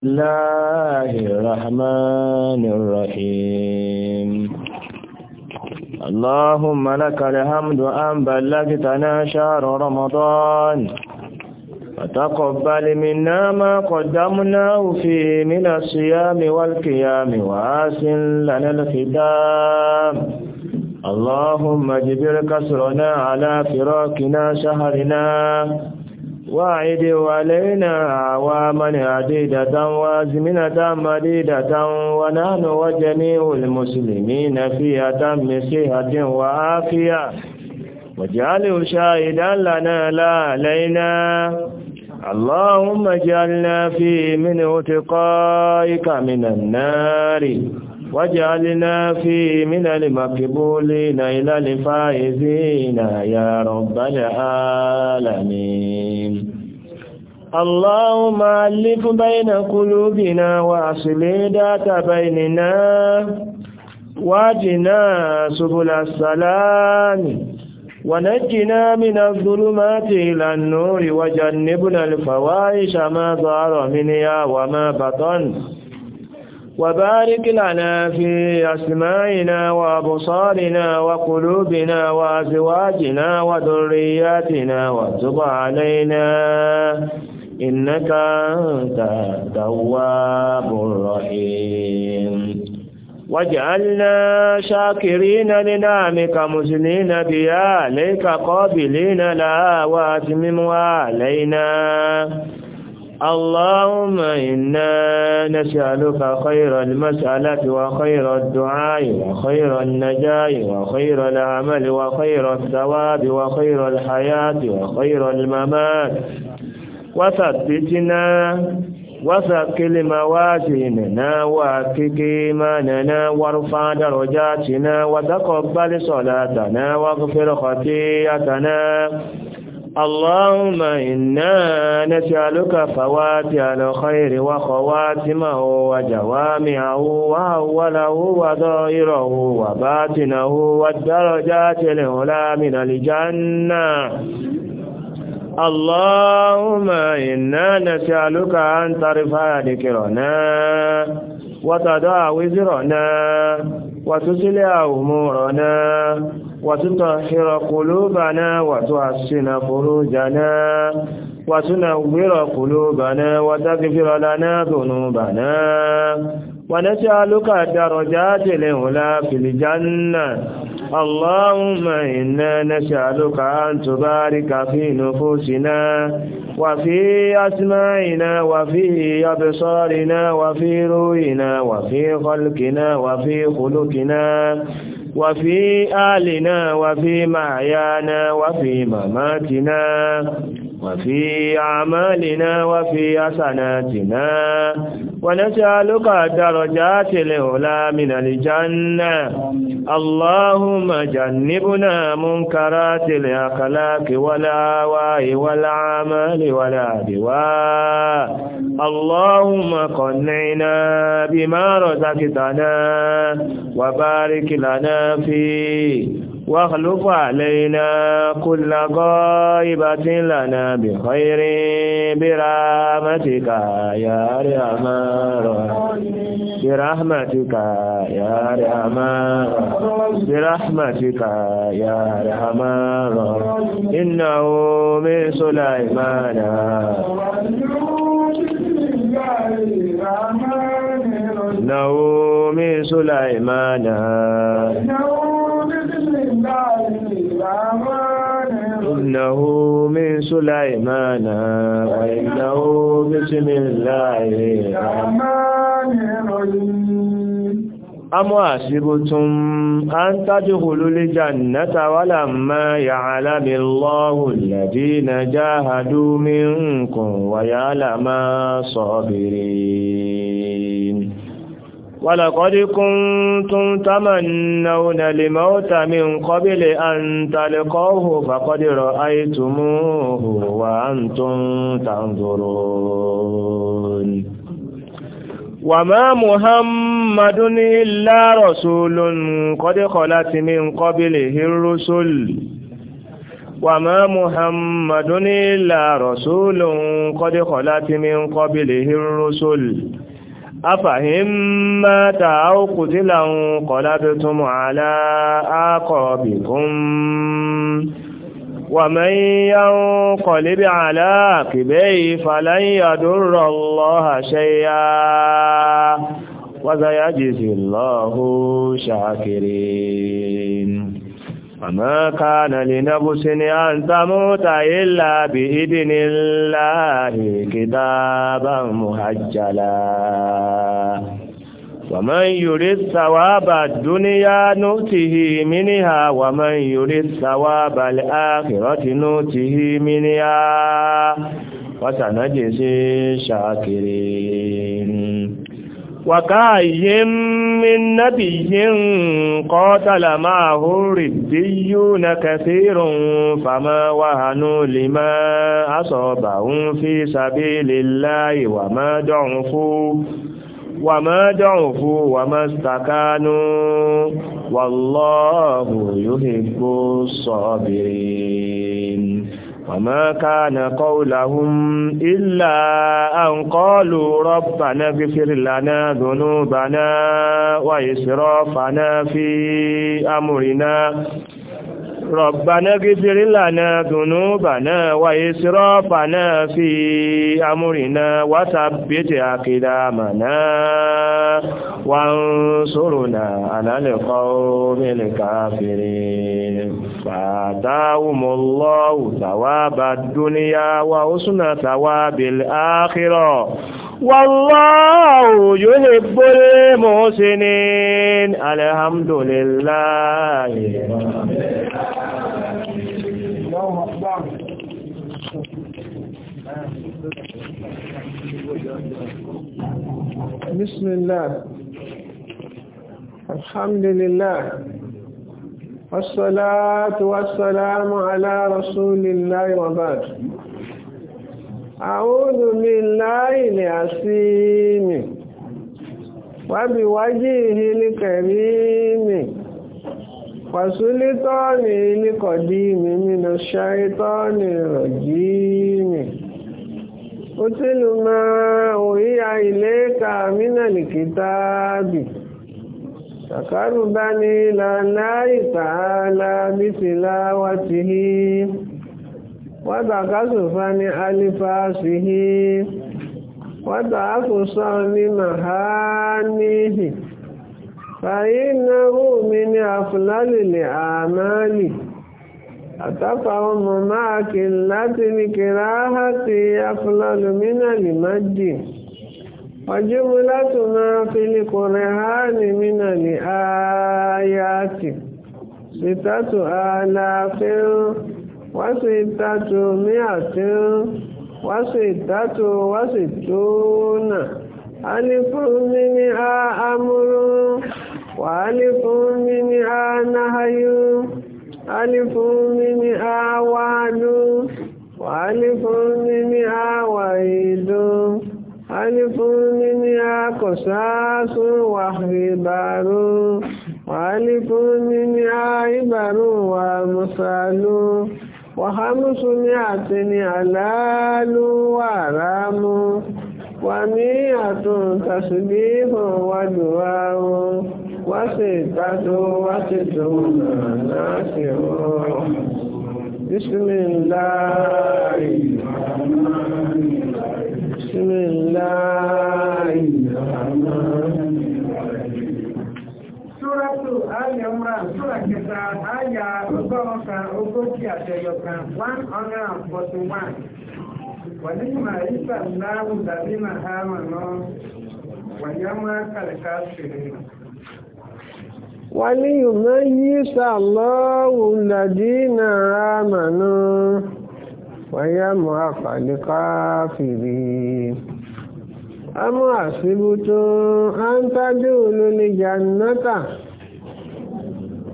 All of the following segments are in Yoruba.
الله الرحمن الرحيم اللهم لك الحمد أن بلغتنا شهر رمضان وتقبل منا ما قدمناه فيه من الصيام والقيام وآسن لنا الختام اللهم اجبر كسرنا على فراقنا شهرنا واعد علينا عواما عديدة وازمنة مديدة ونحن وجميع المسلمين في أتم صحة وعافية واجعله شاهدا لنا لا علينا اللهم اجعلنا في من اتقائك من النار واجعلنا في من المقبولين إلى الفائزين يا رب العالمين اللهم ألف بين قلوبنا وأصل ذات بيننا واجنا سبل السلام ونجنا من الظلمات إلى النور وجنبنا الفواحش ما ظهر منها وما بطن وبارك لنا في أسمائنا وأبصارنا وقلوبنا وأزواجنا وذرياتنا وتب علينا إنك أنت التواب الرحيم واجعلنا شاكرين لنعمك مزنين بها عليك قابلين لها وأتممها علينا اللهم إنا نسألك خير المسألة وخير الدعاء وخير النجاة وخير العمل وخير الثواب وخير الحياة وخير الممات وثبتنا وثقل موازيننا وأكك إيماننا وارفع درجاتنا وتقبل صلاتنا واغفر خطيئتنا اللهم إنا نسألك فواتح الخير وخواتمه وجوامعه وأوله وظاهره وباتنه والدرجات العلى من الجنة اللهم إنا نسألك أن ترفع ذكرنا وتدع وزرنا وتسلع أمورنا وتطهر قلوبنا وتحسن فروجنا وتنور قلوبنا وتغفر لنا ذنوبنا ونسألك درجات الأولى في الجنة اللهم إنا نسألك أن تبارك في نفوسنا وفي أسماعنا وفي أبصارنا وفي روينا وفي خلقنا وفي خلقنا وفي آلنا وفي معيانا وفي مماتنا وفي أعمالنا وفي حسناتنا ونسألك درجات العلا من الجنة اللهم جنبنا منكرات الأخلاق والآواء والأعمال والأدواء اللهم قنعنا بما رزقتنا وبارك لنا فيه واخلف علينا كل غائبة لنا بخير برحمتك يا أرحم برحمتك يا أرحم برحمتك يا أرحم إنه من سليمان إنه من سليمان إنه من سليمان وإنه بسم الله الرحمن الرحيم أم حسبتم أن تدخلوا الجنة ولما يعلم الله الذين جاهدوا منكم ويعلم الصابرين ولقد كنتم تمنون الموت من قبل أن تلقوه فقد رأيتموه وأنتم تنظرون وما محمد إلا رسول قد خلت من قبله الرسل وما محمد إلا رسول قد خلت من قبله الرسل أفهمت أو قتلا انقلبتم على آقابكم ومن ينقلب على عقبيه فلن يضر الله شيئا وسيجزي الله شاكرين وما كان لنفس أن تموت إلا بإذن الله كتابا مهجلا ومن يرد ثواب الدنيا نؤته منها ومن يرد ثواب الآخرة نؤته منها وسنجزي الشاكرين وكاين من نبي قاتل معه ربيون كثير فما وهنوا لما أصابهم في سبيل الله وما ضعفوا وما ضعفوا وما استكانوا والله يحب الصابرين وما كان قولهم إلا أن قالوا ربنا اغفر لنا ذنوبنا وإسرافنا في أمرنا ربنا اغفر لنا ذنوبنا وإسرافنا في أمرنا وثبت أقدامنا وانصرنا على القوم الكافرين فآتاهم الله ثواب الدنيا وحسن ثواب الآخرة والله يحب المحسنين الحمد لله بسم الله الحمد لله والصلاة والسلام على رسول الله وبعد أعوذ بالله العظيم وبوجهه الكريم وسلطانه القديم من الشيطان الرجيم أتل ما أوحي إليك من الكتاب تقربني إلى الله تعالى بتلاوته wàtàkásù fani alifasihi wàtàkùsọ ní mahanihi fàyínàwó mi ní àfúlálìlì àmàlì àtàkàwọn mọ̀máàkì láti ní kìráhàtì àfúlálùmínà lè má jì ọjọ́mú láti máa fi ní kùrẹ̀hánì mínà lè ááyá tì sítátù aláfẹ́ràn Wa si wáṣọ ìtàtò míàtí wáṣọ ìtàtò wáṣọ ìtòónà alifun mi ni a amúrú wa alifun mi ni a náhayú alifun mi ni a wáádú wa alifun mi ni a wàyídú alifun mi ni a kọ̀sáásù wà rìbàrú wà alifun mi ni a ìbàrú wa mùsàlú. وخمس مئة حلال وحرام ومئة تسبيح ودعاء وستة وستون ناسع بسم الله بسم الله ayà mra sura kẹta ayà ọgọ́rùn kan ogójì àtẹyọ kan one hundred and forty one wàlí màrísà láwù dàbí màhámà náà wàyámà kàlíkà sílẹ̀. وليميز الله الذين آمنوا ويمحق الكافرين أم حسبتم أن تدخلوا الجنة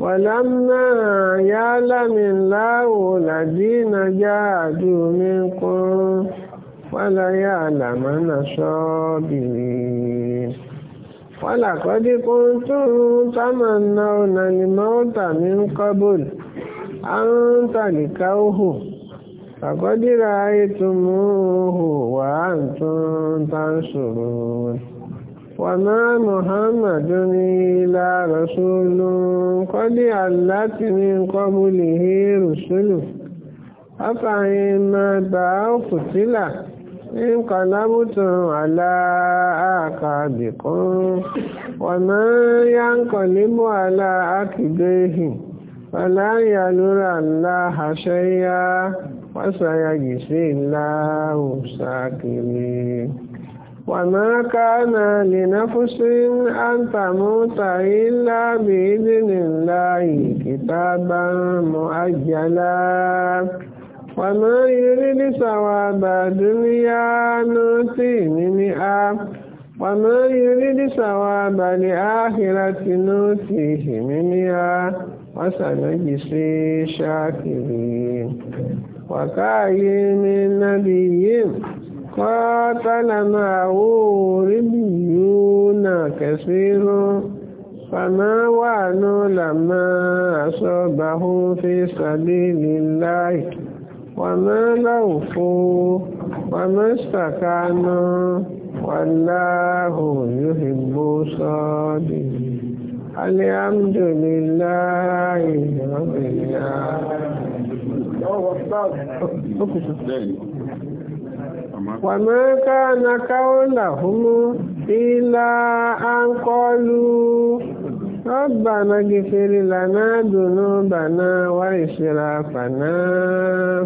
ولما يعلم الله الذين جاهدوا منكم وليعلمن الصابرين ولقد كنتم تمنون الموت من قبل أن تلقوه فقد رأيتموه وأنتم تنصرون wanamohama doelerụsolukọdị ala pirikọụlherụslu ataịapụpila ịkala ụtụrụala akaikokwanaya nkọlimala akụbhi alayalụrụ alahasiye asayagiselehụ nagile وما كان لنفس أن تموت إلا بإذن الله كتابا مؤجلا وما يريد ثواب الدنيا نؤتيه منها وما يريد ثواب الآخرة نؤتيه منها وسنجزي شاكرين وكاين من نبي قاتل معه ربيون كثير فما وعنوا لما أصابهم في سبيل الله وما لوفوا وما استكانوا والله يحب الصابرين الحمد لله رب العالمين وما كان قولهم إلا أن قالوا ربنا اغفر لنا ذنوبنا وإسرافنا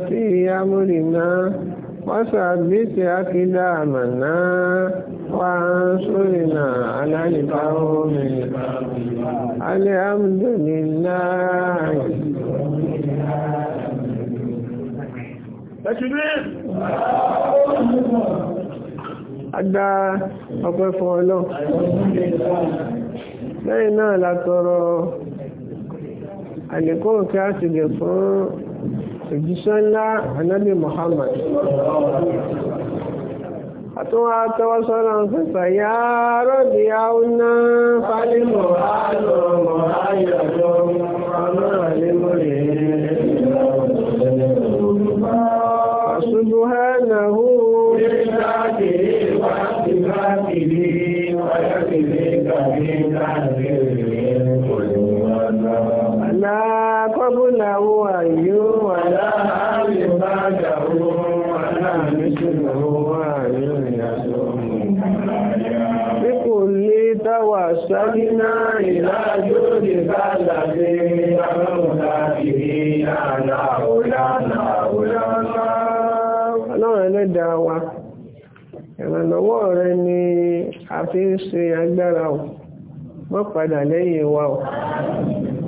في أمرنا وثبت أقدامنا وانصرنا على القوم الحمد لله تكبير Adá ọpẹ́ fún ọlọ́run. Lẹ́yìn náà látọrọ àlékún kí a lè fún òjíṣẹ́ ńlá Ànábì Muhammad. Àtúnwà tọwọ́ sọ́nà fẹ́fẹ́ yá rọ́bì áúná fálímọ̀ áàlọ́ mọ̀ áyọ̀ lọ́wọ́ ọmọ àlémọ̀ rẹ̀. سبحانه لله وصفاته ويكفيك من لا قبله أي ولا عباده ولا مثله بكل توسلنا إلى جود بلد ìrànlọ́wọ́ rẹ ni a fi ń ṣe agbára o wọ́n padà lẹ́yìn wa o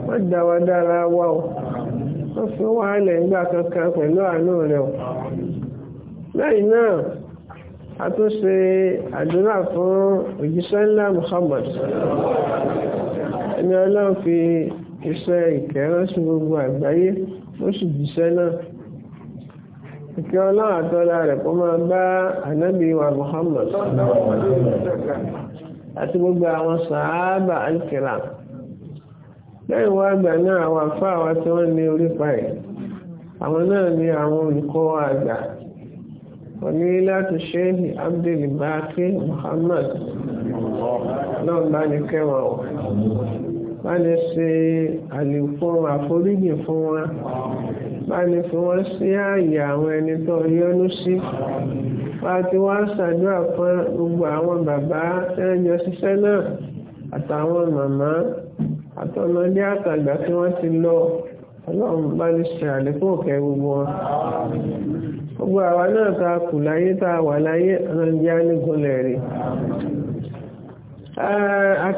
wọ́n dá wa dára wa o wọ́n fi wá ilẹ̀ ńgbà kankan pẹ̀lú àánú rẹ o lẹ́yìn náà a tún ṣe àdúrà fún òjíṣẹ́ ńlá Muhammad ẹni ọlọ́run fi iṣẹ́ ìkẹ́rọ́sí gbogbo àgbáyé ó sì jíṣẹ́ náà ìkẹ́ ọlọ́run àtọ́lá rẹ̀ kó máa bá ànábì wa Muhammad àti gbogbo àwọn sàábà alkira lẹ́yìn wá àgbà náà àwọn afá wa tí wọ́n ní orí fàì àwọn náà ní àwọn olùkọ́ àgbà òní láti ṣéhì Abdul Baqi Muhammad náà bá kẹwàá bá ní ṣe àlékún àforíjì fún wọn bá ní fi wọn sí ààyè àwọn ẹni tó yọ́nú sí bá ti wá ṣàdúrà fún gbogbo àwọn bàbá ẹ̀yọ ṣiṣẹ́ náà àtàwọn màmá àtọmọdé àtàgbà tí wọ́n ti lọ ọlọ́run bá ní ṣe àlékún òkè gbogbo wọn gbogbo àwa náà ta kù láyé tá wà láyé ọlọ́njẹ́ á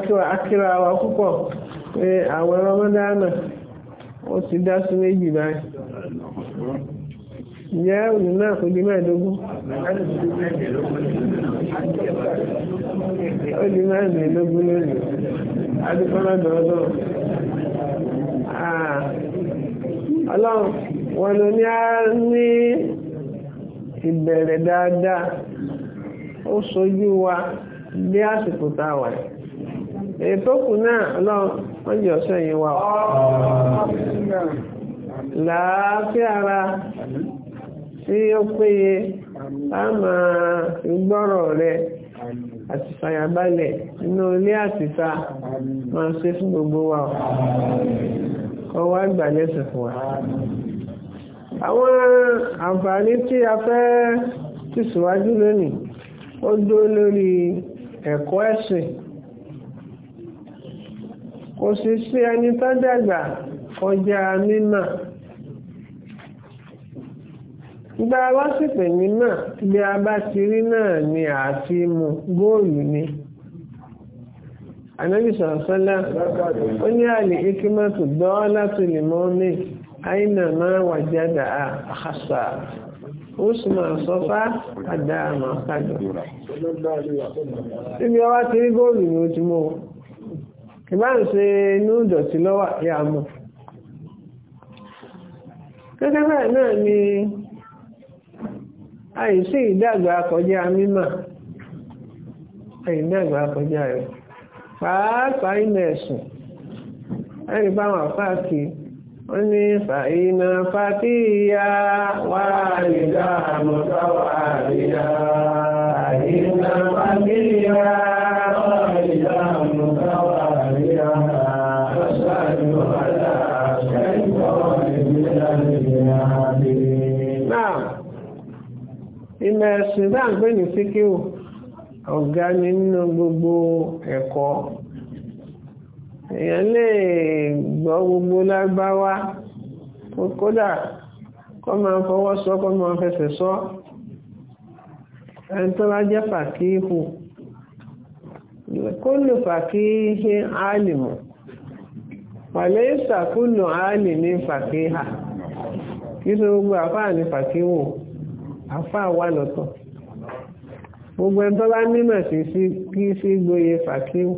rí akíra wa púpọ̀ pé àwọn ọmọdáàmà ó ti dá sí méjì báyìí ìyá òní náà kò ọdịma mẹ́ẹ̀ẹ́dógún ó di mẹ́ẹ̀ẹ́dógún lónìí adúpọ́lọ́dọ̀ ọdọ́ ọlọ́run wọn ló ní á ní ìbẹ̀rẹ̀ dáadáa ó wa bí àsìkò wọ́n yọ sẹ́yìn wa láàáfíà ara tí ó péye a máa gbọ́rọ̀ rẹ àti fàyàbalẹ̀ nínú ilé àtìta máa ṣe fún gbogbo wa kọ́ wá gbàlẹ́sẹ̀ fún wa àwọn àǹfààní tí a fẹ́ tìsíwájú lónìí ó dó lórí ẹ̀kọ́ ẹ̀sìn kò sì sí ẹni tó dàgbà kọjá mímà gba lásìkò yìí bí a bá ti rí náà ni àti mu ni anabi sọ̀rọ̀sọ́lá ó ní àlè ikimọ́tò dọ́ọ́lá tó lè mọ́ mi àìnà máa wà jáde àhásà ó sì máa sọ fá kájọ. ibi ọwá ti rí góòlù ìbá ń ṣe inú ìdọ̀tí lọ́wà yà mọ̀ gẹ́gẹ́ bẹ́ẹ̀ náà ni àìsí ìdàgbà kọjá mímọ̀ ìdàgbà kọjá rẹ̀ pàápàá ilẹ̀ ẹ̀sùn ẹ̀rí bá wọn pàákì wọ́n ní fàìmọ̀ fàtíyà wà nígbà mọ̀tọ́wà àríyá fàìmọ̀ ìmọ̀ ẹ̀sìn bá ń pè ní síkíù ọ̀gá ni nínú gbogbo ẹ̀kọ́ èèyàn lè gbọ́ gbogbo lágbáwá kódà kọ́ máa fọwọ́ sọ kọ́ máa fẹsẹ̀ sọ ẹni tó bá jẹ́ fàkíhù kó lè fàkíhì álìmù pàlẹ́ ìsàkúlù álì ní fàkíhà kí tó gbogbo àfáà ní fàkíhù àfa wà lọ́tọ̀ gbogbo ẹni tó bá nímọ̀ sí sí kí sí gboyè fàkíù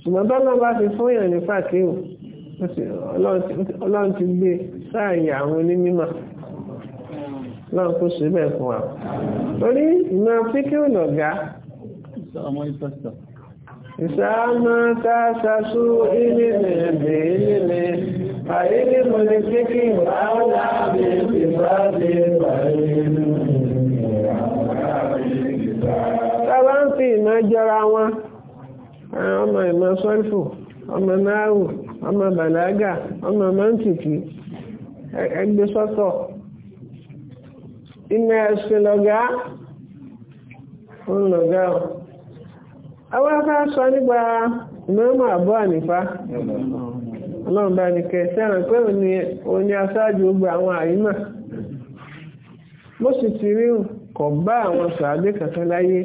ṣùgbọ́n tó lọ́n bá fi fún yàn ní fàkíù ọlọ́run ti gbé sáàyè àwọn onímọ̀ lọ́n kó síbẹ̀ fún wa torí ìmọ̀ fíkíù lọ̀gá ìsáàmù tá a ṣaṣú ilé mi ìbè ilé mi. فإن ìmọ̀ jọra wọn, ọmọ ìmọ̀ sọ́lfù, ọmọ náàrù, ọmọ bàlágà, ọmọ mọ́ntìkì, ẹgbẹ́ sọ́tọ̀. Iná ẹ̀sìn lọ́gá, òun lọ́gá ọ̀. sọ nípa ìmọ̀ àbọ̀ ànífà. ọlọ́run bá ní kẹ sẹ́ràn pé òní òní aṣáájú àwọn àyímà mo sì ti rí kọ̀ bá àwọn sàádé kankan láyé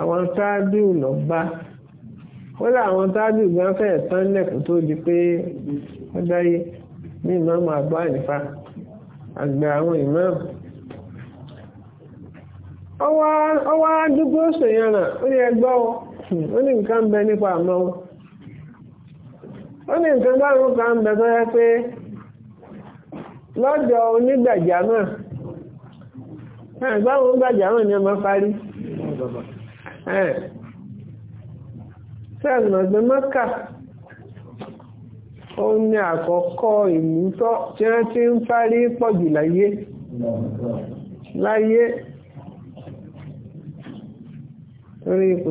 àwọn táájú lọ bá ó àwọn gan fẹ́ẹ̀ tán lẹ́kùn tó di pé ó dáyé ní ìmáàmù àgbà àyífà àgbà àwọn ìmáàmù ọwọ́ ó ó ní nǹkan márùn ń bẹ yẹ pé lọ́dọ̀ onígbàjámọ̀ ẹ̀gbọ́n onígbàjámọ̀ ni ọmọ parí sẹ́ẹ̀nà mọ́kà ní àkọ́kọ́ ìlú tí wọ́n ti ń parí pọ̀jù láyé láyé torí kò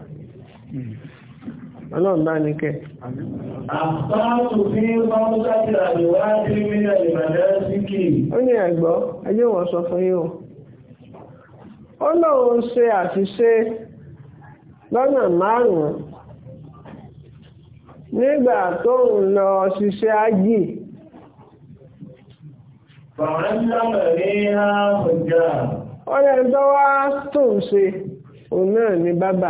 ọlọ́run bá ní kẹ́ ó ní ẹ̀gbọ́ ẹjẹ́ wọ́n sọ fún yíò ó lóun ṣe àṣìṣe lọ́nà márùn-ún nígbà tó ń lọ ṣiṣẹ́ ó tó ń ṣe òun náà bábà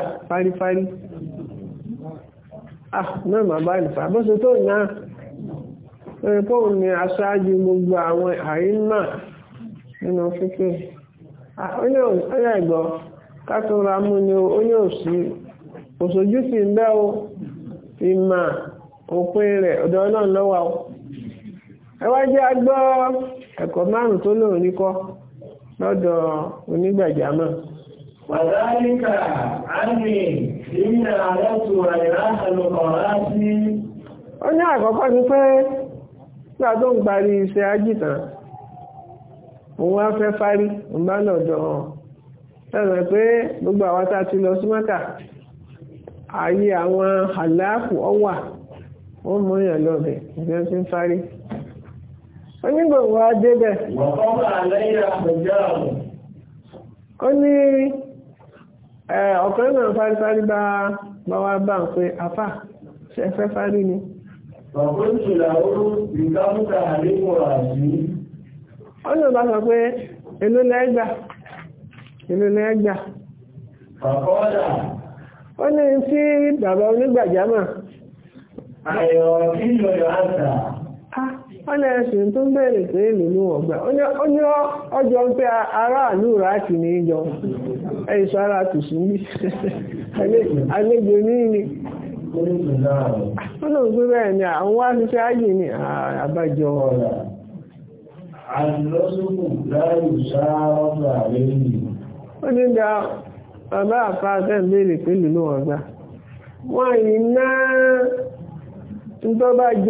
náà ah, mà bá ìfà bó ṣe tó ìná ẹ̀kọ́hùn ni aṣáájú gbogbo àwọn àyínmà nínú fífẹ́ Onye ah, ìgbọ́ kátura mú ni ó n'onye òsì òṣojú o ìmà òpin rẹ̀ ọ̀dọ̀ náà lọ́wọ́ o ẹ agbọ́ ẹ̀kọ́ márùn tó lòun ní kọ́ lọ́dọ̀ onye àkọ́kọ́ ni pé nígbà tó ń parí iṣẹ́ ajítàn òun wá fẹ́ fárí ń bá lọ́dọ̀ ẹ̀rọ pé gbogbo àwọn tá a ti lọ sí mọ́kà ààyè àwọn àlàáfù ọwà ó mú èèyàn lọ́bẹ̀ ìfẹ́ sí ń fárí ó ní ó ní ọkùnrin náà fárífárí bá bá wá bá ń pé afá ṣe fẹ́ fari ni. ọ̀pọ̀lọpọ̀ ìṣòro ìgbàmúta àlékún àti. wọ́n bá sọ pé èló lẹ́gbà ó ní sí bàbá onígbàjámọ̀. àyọ̀ kí ọ na-esi ntụ mbere ka elu n'ụwa onye ọjọ mpe aráàlú ràákì ní ìjọ ẹ̀yìn sára tùsù ara àlejò níní ọlọ́run gbé bẹ́ẹ̀ ni àwọn wá ní sáájì ní àbájọ ọ̀rọ̀ àlọ́sùkù láàrù sáà ọ̀fà lẹ́yìn ó ní da bàbá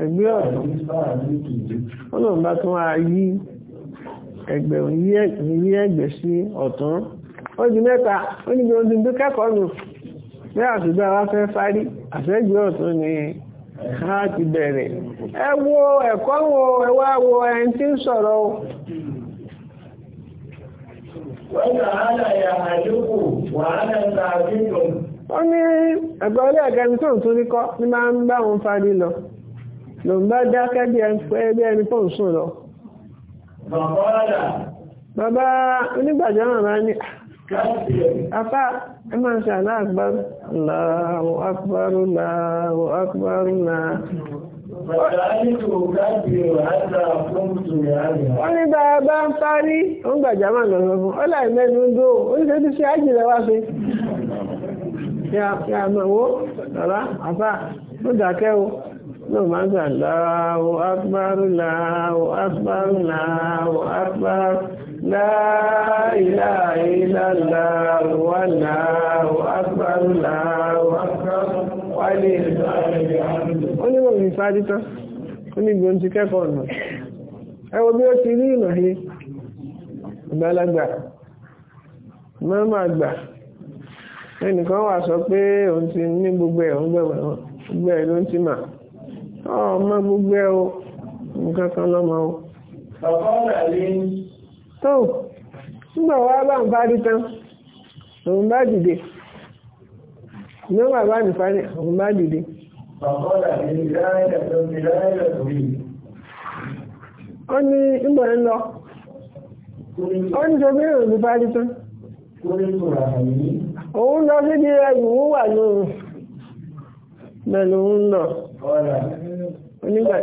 ẹgbẹ́ ọ̀dọ́ ọlọ́run bá tún wá yí ẹgbẹ̀rún yí ẹgbẹ̀ sí ọ̀tún ó di mẹ́ta ó ní gbogbo tó kẹ́kọ̀ọ́ nù bí àṣùgbọ́n wa fẹ́ parí àṣẹ́gbẹ́ ọ̀tún ni a ti bẹ̀rẹ̀ ẹ wo ẹ̀kọ́ wo ẹ wo ẹni tí ń sọ̀rọ̀ o. ní tó ń tún ní kọ́ ní máa ń bá wọn lọ. ló ń bá dákẹ́ bí ẹni fóun sùn lọ. bàbá onígbàjọ́ náà máa apá ẹ máa ń ṣe àlá àgbárù Allahu akbar Allahu akbar náà. Wọ́n ní bá a bá ń parí, ó ń gbàjá máa lọ sọ ó láì mẹ́nu ń dó, ó ní wá sí. wo, bàbá, ó dákẹ́ o. náà máa gbà láàwó akbárú láàwó akbárú láàwó akbárú láìláìláàwó wà láàwó akbárú láàwó akbárú wà lè ó ní wọ́n fi fájú tán ó ní ti kẹ́kọ̀ọ́ nù ẹ wo bí ó ti rí ìnà yìí ìgbàlagbà mọ́mọ́ àgbà ẹnìkan wà sọ pé òun ti ní gbogbo ẹ̀ òun gbẹ̀wẹ̀ wọn ti mà. Ah, ọmọ gbogbo ẹ o nǹkan kan lọ́mọ o. tó nígbà wá bá ń parí tán òun bá dìde ní wà bá nìfà ní òun bá dìde. ó ní ìgbà ń lọ ó ní jọbí òun parí tán. òun lọ sí di ẹgbùn wà lóhun bẹ́ẹ̀ lòun lọ. onígbà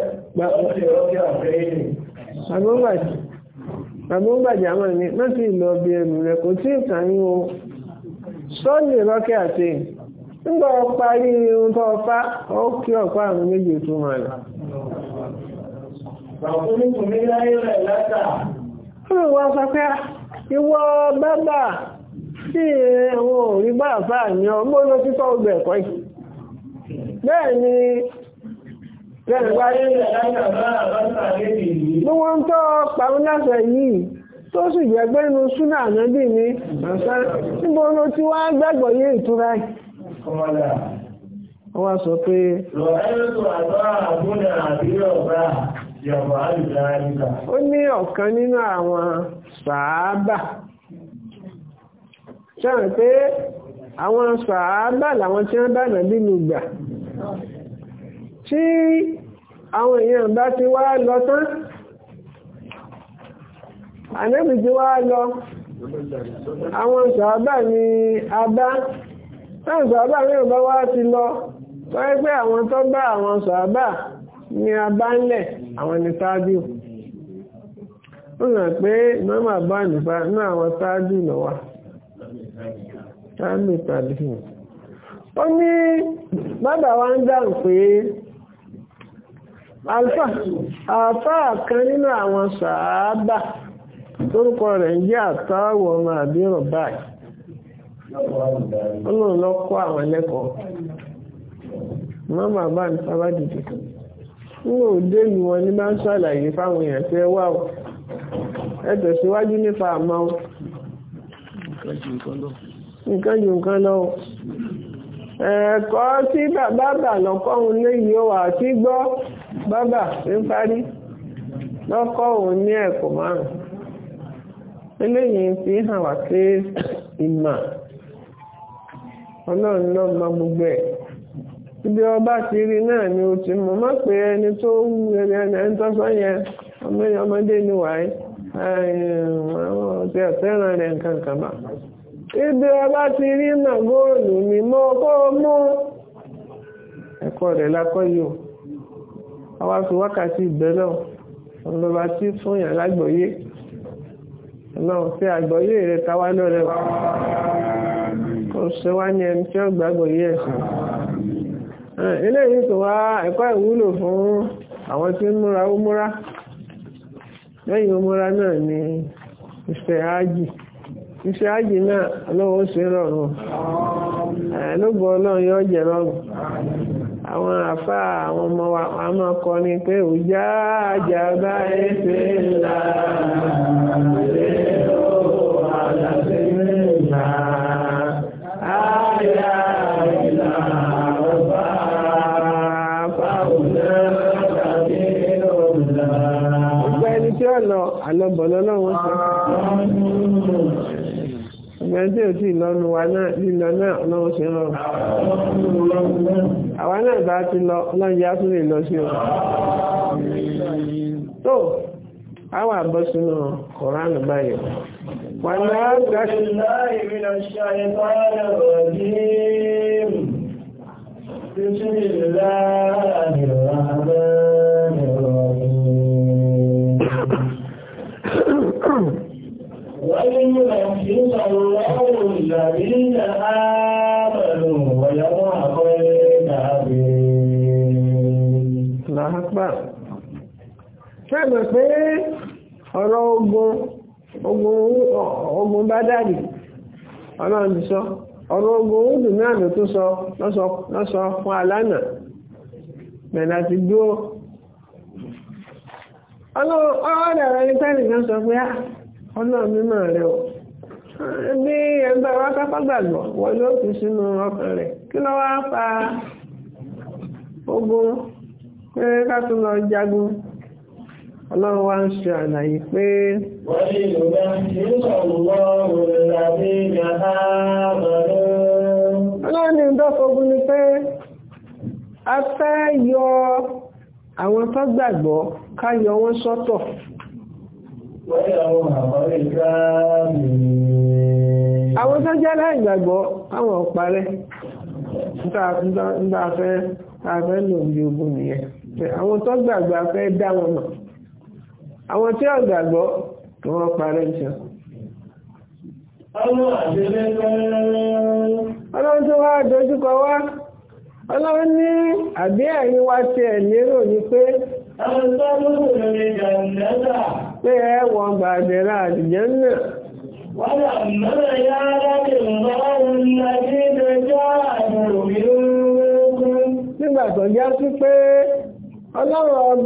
gbàgbọ́ngbàjà máa ní láti lọ bí ẹrù rẹ̀ kò tí ìtàní o sọ́ọ̀lì rọ́kẹ́ àti nígbà parí irun tó ọpá ó kí ọ̀pá àrùn méjì tó máa lọ. Olùwọ́ sọ pé ìwọ bábà àwọn òrí lọ ẹ̀kọ́ yìí. Bẹ́ẹ̀ ni Ní wọ́n ń tọ́ pàrún láṣẹ yìí tó sì jẹ́ pé inú súnà ànábì ní ọ̀sán níbo ló ti wá gbàgbọ́ yé ìtura ẹ̀. Ó wá sọ pé. Ó ní ọ̀kan nínú àwọn sàábà. Ṣé pé àwọn sàábà làwọn tí wọ́n bá nàbí nù tí àwọn èèyàn bá ti wá lọ tán ànẹ́bì ti wá lọ àwọn sàábà ni a bá táwọn sàábà náà wá ti lọ wáyé pé àwọn tó bá àwọn sàábà ni a bá ń lẹ̀ àwọn ni sáájú ó hàn pé mọ́mà bá nípa ní àwọn sáájú ó ní ń dáhùn alfa alfa kan nínú àwọn sàábà lórúkọ rẹ̀ ń àtàwọ̀ ọmọ àbírọ̀ báyìí ọlọ́run àwọn lẹ́kọ̀ọ́ bá ń sábà dìde ò mi wọn ní bá ń ṣàlàyé fáwọn èèyàn tẹ́ wà ó nípa àmọ́ ẹ̀ẹ̀kọ́ tí bàbá àbànà kọ́hun léyìí ó wà tí gbọ́ bàbà ń parí lọ́kọ́ òun ní ẹ̀kọ́ márùn-ún eléyìí fi hàn wá pé gbogbo ẹ̀ ibi ọba ti rí náà ni o ti mọ̀ pé ẹni tó ń rere ẹni tó sọ yẹn ọmọdé ni wàá ibi ọba ti rí màgóòlù mímọ́ kó mú ẹ̀kọ́ rẹ̀ lákọ́ yìí o àwa fi wákàtí ìgbẹ́ náà ọlọ́ba tí fún yàn lágbọ̀ọ́yé náà fi àgbọ̀ọ́yé rẹ̀ táwa lọ́rẹ̀ kò ṣe wá ní ẹni tí ó ẹ̀sìn fún àwọn tí ń múra ó múra lẹ́yìn ó iṣẹ́ àjì náà ọlọ́wọ́ ṣe rọrùn ẹ̀lógún ọlọ́run yóò jẹ rọrùn àwọn àfá àwọn ọmọ wa a kọ ni pé òjá àjà bá ẹsẹ̀ ńlá àṣẹ ó ṣùgbọ́n tí ò tí lọ́nu wa náà lílọ náà ọlọ́run ṣe rọrùn àwa náà bá ti lọ ọlọ́run yá tún lè lọ sí o tó àwọn àbọ́sínú kọ̀ránù báyìí بسم الله الرحمن ويمكن الله pé ọ̀rọ̀ ogun bá ọlọ́run ti sọ ọ̀rọ̀ ogun náà ló sọ lọ́sọ fún dúó ọlọ́run ọ̀rọ̀ ní kan sọ ah, ọlọ́run mímọ́ rẹ o bí ẹ bá wá gbàgbọ́ wọn ló fi sínú ọkàn fa ogun pé ká tún lọ jagun ọlọ́run wá ń ṣe àlàyé pé. ọlọ́run ni pé a fẹ́ yọ àwọn tó gbàgbọ́ ká yọ wọ́n àwọn tó jẹ́ gbàgbọ́ àwọn ọ̀parẹ́ nígbà afẹ́ afẹ́ lòdì ogun nìyẹn àwọn tó gbàgbọ́ afẹ́ dá wọn àwọn tí gbàgbọ́ kí wọ́n parẹ́ ìṣẹ́ ọlọ́run tó wá dojúkọ wá ọlọ́run ní àbí ẹ̀yìn wá ti ẹ̀ lérò ní pé ọlọ́run pé ẹwọ̀n gbàdẹ̀rà àdìjẹ́ náà wọ́n mọ́ yá láti mọ́rún lẹ́gbẹ́jọ́ àdìròmírún nígbà tó já sí pé ọlọ́run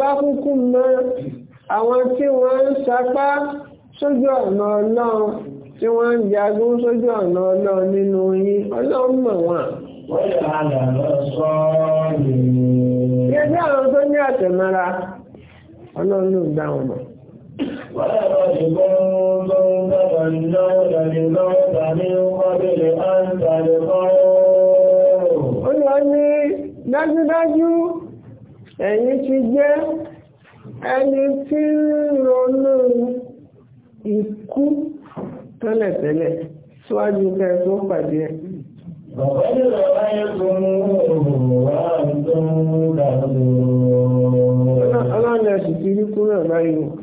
wọ́n yà á lọ sọ́ọ́ yìí. gẹ́gẹ́ àwọn tó ní àtẹ̀mọ́ra ọlọ́run ló dá wọn ولقد كنتم تمنون الموت من قبل dájúdájú ẹ̀yin ti jẹ́ ẹni tí ń ikú tẹ́lẹ̀tẹ́lẹ̀ síwájú kẹ́ tó pàdé ẹ̀. Bàbá ìlú ọ̀rá tó mú ń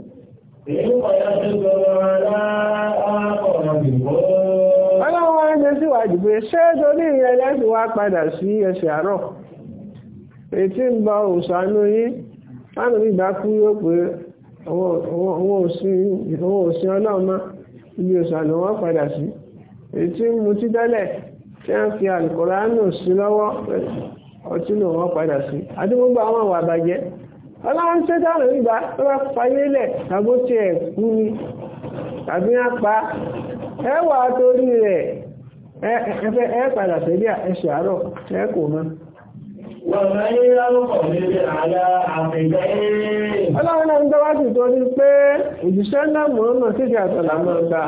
Ọlọ́run wá síwájú pé ṣé torí ìyẹn lẹ́sìn wá padà sí ẹsẹ̀ àárọ̀. Ètí ń bọ òṣàánú yín, láti rí ìgbà yóò pé àwọn òsìn ọlọ́run ibi òṣàánú wọ́n padà sí. Ètí ń mutí tẹ́lẹ̀ tí wọ́n fi àlùkòránù sí lọ́wọ́ ọtí lòun wọ́n padà sí. Àti gbogbo àwọn àwà àbàjẹ́. ọlọ́run ṣe dáhùn nígbà tó fayé lẹ̀ ti ẹ̀ kú tàbí á pa ẹ torí rẹ̀ ẹ padà sẹ́bí ẹ̀ṣẹ̀ àárọ̀ ẹ kò mọ́. ọlọ́run náà ń dọ́wọ́ sí torí pé náà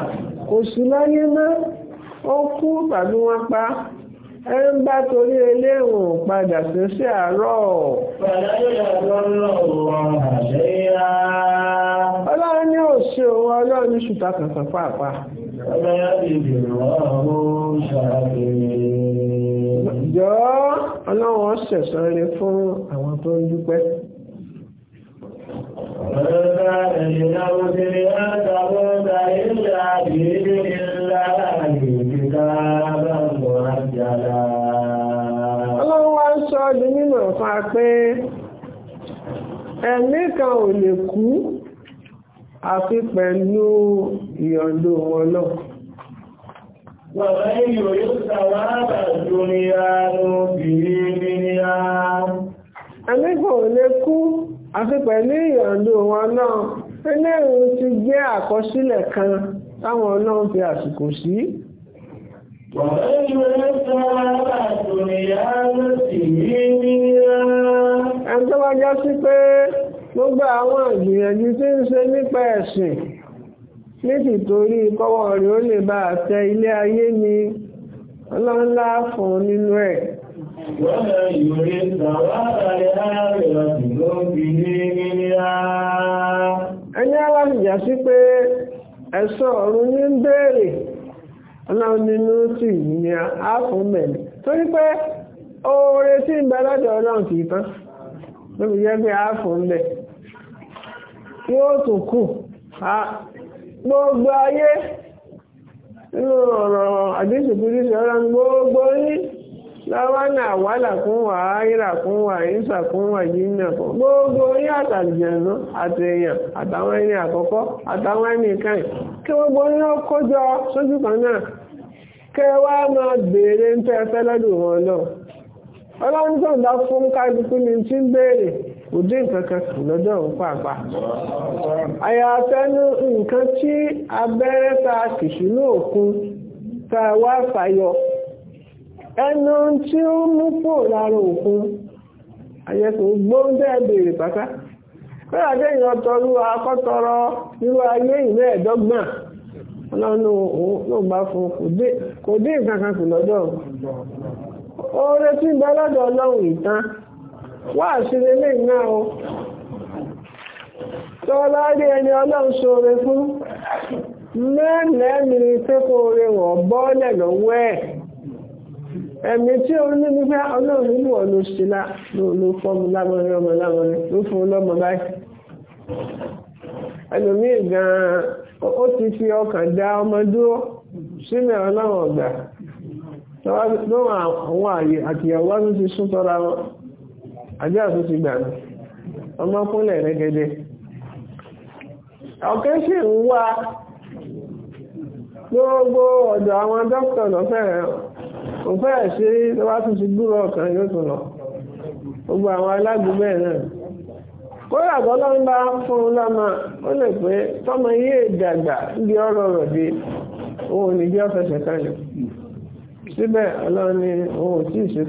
ẹ ń bá torí eléwọ̀n padà sí sí àárọ̀. ọlọ́run ní òṣè òun ọlọ́run ní ṣùtà kankan pàápàá. jọ ọlọ́run ọ̀sẹ̀ sọ́rẹ́ fún àwọn tó ń dúpẹ́. Ọ̀rọ̀dá ẹ̀yìnlá òṣèré àtàwọn ọ̀dà ìlú àbí ìlú ìlú sọ ọ́ di mímọ̀ fún wa pé ẹ̀mí kan ò lè kú àfi pẹ̀lú ìyọ̀ǹda wọn náà. Wọ̀n yóò yóò sàwọ́ àbàjò ní àánú bìí bí ní àánú. Ẹ̀mí kan ò lè kú àfi pẹ̀lú ìyọ̀ǹda wọn náà. Eléyìí ti jẹ́ àkọsílẹ̀ kan táwọn ọlọ́run fi àsìkò sí. Si Ẹni tó bá pé gbogbo àwọn ìgbìyànjú tí ń ṣe nípa ẹ̀sìn ní tìtorí kọ́wọ́ rẹ̀ lè bá àtẹ ilé ayé ni ọlọ́nlá fún nínú ẹ̀. Wọ́nà ìwé ìgbàwárà rẹ̀ láàrẹ̀ ló ń fi ní nílá. Ẹni sí pé ní ọlọ́run ní lóòtù yìí ni torí pé oore tí ń bẹ lọ́dọ̀ ọlọ́run kì tán lóbi jẹ́ pé a tún kù gbogbo ayé nínú ọ̀rọ̀ àdéṣùkú ṣíṣe ọlọ́run gbogbo láwánà wàhálà kún wà áyíra kún wà ìsà kún wà yíyàn kan gbogbo orí àtàlìjẹ̀nú àti àtàwọn ẹni àkọ́kọ́ àtàwọn ẹni kí gbogbo ní ó sójú kan náà kẹ máa ń tẹ́ fẹ́ lọ́dọ̀ wọn lọ ọlọ́run tó ń fún ni tí ń béèrè òdí nǹkan kan kù lọ́jọ́ òun pàápàá. àyàfẹ́nu nǹkan tí abẹ́rẹ́ ta kìsùnú òkun wá fàyọ ẹnu tí ó mú pò lára òkun àyẹ̀kùn gbóúnjẹ́ béèrè pátá fẹ́rẹ̀ àdéhùn ọtọrú akọ́tọrọ irú ayé ìwé ẹ̀dọ́gbọ̀n ọlọ́run ló bá fún kò dé ìkankan kù lọ́dọ̀ oore tí ń bẹ lọ́dọ̀ ọlọ́run ìtàn wá àṣírí lẹ́yìn náà o tó láàárín ẹni ọlọ́run ṣoore fún mẹ́rin wọ̀ bọ́ọ̀lẹ̀ lọ́wọ́ ẹ̀mí tí ó ní nígbà ọlọ́run nínú ọ̀nà òṣìlá ló fọ́mù lámọ́rin ọmọ lámọ́rin ló fún ọlọ́mọ báyìí ẹlòmíì gan-an ó ti fi ọkàn dá ọmọ dúró sílẹ̀ ọlọ́run ọ̀gbà lọ́wọ́ àwọn àyè àtìyàwó tó ti sún tọ́ra wọn àjọ àti ti gbà mí ọmọ kúnlẹ̀ rẹ́gẹ́dẹ́ ọ̀kẹ́ sì ń wá gbogbo ọ̀dọ̀ àwọn dókítà lọ́fẹ̀ẹ́ kò fẹ́ ṣe lọ́wọ́ tún ti gbúrò ọ̀kan yóò lọ gbogbo àwọn alágbó náà kódà bọ́lá ń bá fún un lọ́mọ ó lè pé tọ́mọ yé dàgbà bí ọ̀rọ̀ rọ̀ dé òun ní bí ọ̀fẹ́sẹ̀ kan ni òun ò tí ì ṣe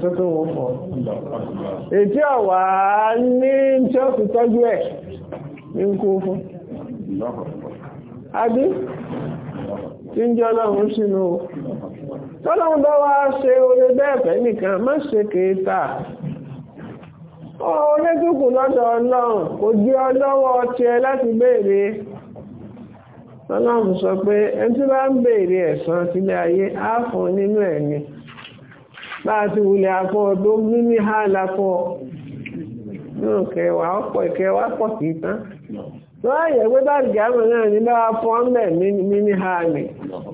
fọ́ ètí tọ́lọ́run bá wá ṣe oore bẹ́ẹ̀ fẹ́ nìkan má ṣe kéta oore lọ́dọ̀ ọlọ́run kò jí ọ lọ́wọ́ láti béèrè tọ́lọ́run sọ pé ẹni tí bá ń béèrè ẹ̀san sílé ayé á fún nínú ẹ̀ bá a ti wulẹ̀ tó kẹwàá ọ̀pọ̀ ìkẹwàá pọ̀ sí tán wọ́n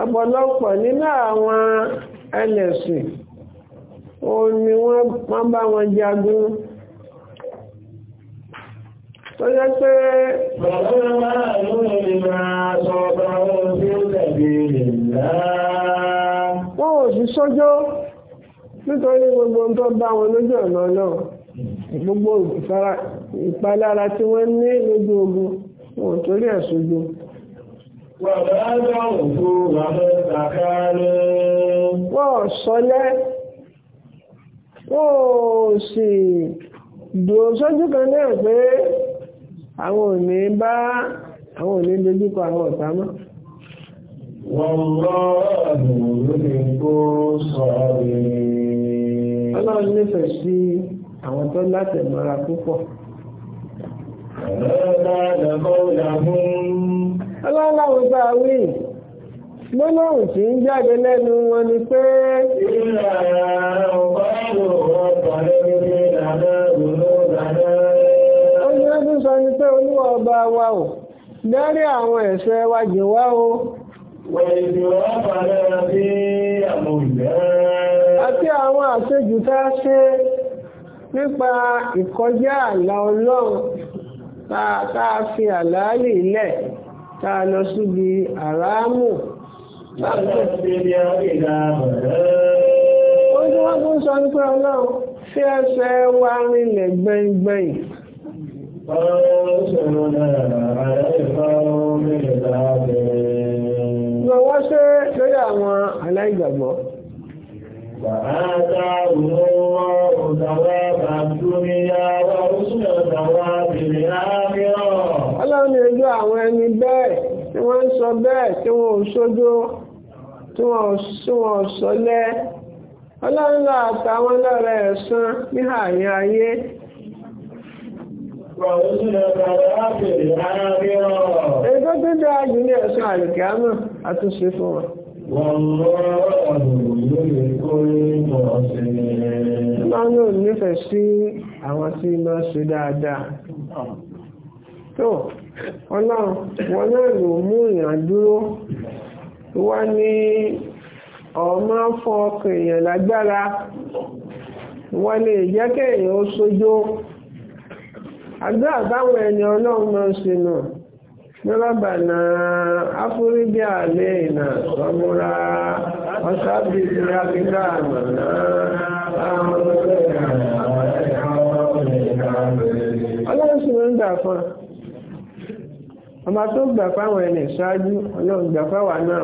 ọ̀pọ̀lọpọ̀ nínú àwọn ẹlẹ́sìn òun ni wọ́n bá wọn jagun tó jẹ́ pé bàbá máa lórí ni máa sọ ọba ohun tí ó tẹ̀lé ìlà wọ́n ò sí sọ́jọ́ nítorí gbogbo tó bá wọn lójú ọ̀nà náà gbogbo ìpalára tí wọ́n ní lójú ogun wọn torí ẹ̀ sójú Wọ́n sọlẹ́, wọ́n sì dùn sójú kan náà pé àwọn ò ní bá àwọn ò ní dojúkọ àwọn ọ̀tá mọ́. Wọ́n rọ́ àdùn lórí kó sọ̀rọ̀ Ọlọ́run nífẹ̀ẹ́ sí àwọn tó látẹ̀mọ́ra púpọ̀. Ọ̀rọ̀ bá lọ́kọ́ ìyàmú ọlọ́láwọ̀ bá wí gbólóhùn tí ń jáde lẹ́nu wọn ni pé ọjọ́ tún sọ ni pé olúwa ọba wa o dárí àwọn ẹ̀ṣẹ̀ wa jìn wá o àti àwọn àṣejù tá a ṣe nípa ìkọjá àlà ọlọ́run tá a fi àlàálì ilẹ̀ tá a lọ síbi àràámù. ó ní wọ́n tún sọ pé ọlọ́run fi ẹsẹ̀ wa rinlẹ̀ gbẹ̀ngbẹ̀yìn. Lọ́wọ́ ṣe lórí àwọn aláìgbàgbọ́. وآتاهم الله ثواب الدنيا وحسن ثواب الآخرة ọlọ́run ojú àwọn ẹni bẹ́ẹ̀ tí wọ́n ń sọ bẹ́ẹ̀ tí wọ́n ò tí wọ́n ò sọlẹ́ ọlọ́run lọ àtàwọn lọ́rẹ̀ ẹ̀sán ní àárín ayé. Èdè tó dáa jù ní ẹ̀sán àlùkìámù àtúnṣe fún wọn. Wọ́n lọ́rọ̀ ọ̀dùn ò sí àwọn tí dáadáa. tó ọlọ́run wọn náà ló mú èèyàn dúró wá ní ọmọ fọ ọkàn èèyàn lágbára wọn lè jẹ́ kéèyàn ó sójó àdúrà ẹni ọlọ́run máa ń ṣe náà Mẹ́rọ̀bàna lè sọmúra Ọlọ́run ọba tó gbà fáwọn ẹni ṣáájú ọlọ́run gbà fáwà náà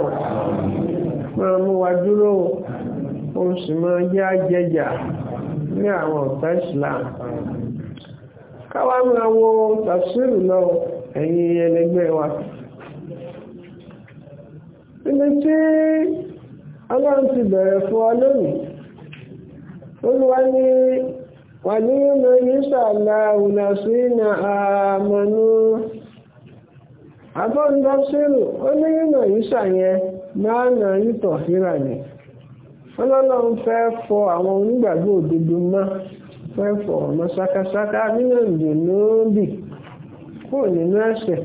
máa mú wa dúró oun sì máa jẹ́ àjẹjà ní àwọn ọ̀tá Islam káwá máa wo tàṣírù lọ ẹ̀yìn ẹlẹgbẹ́ wa ibi tí ọlọ́run ti bẹ̀rẹ̀ fún ọ lónìí olúwa ní wà ní mọ̀ ní sàlá ònàṣínà àmọ́nú abọ́ndọ́sírù ó ní ìnà ìṣà yẹn máa nà yìtọ̀ síra ni ọlọ́lọ́run fẹ́ fọ àwọn onígbàgbọ́ òdodo mọ́ fẹ́ fọ ọmọ ṣákáṣáká nínú ìdè lóòbì kò nínú ẹ̀ṣẹ̀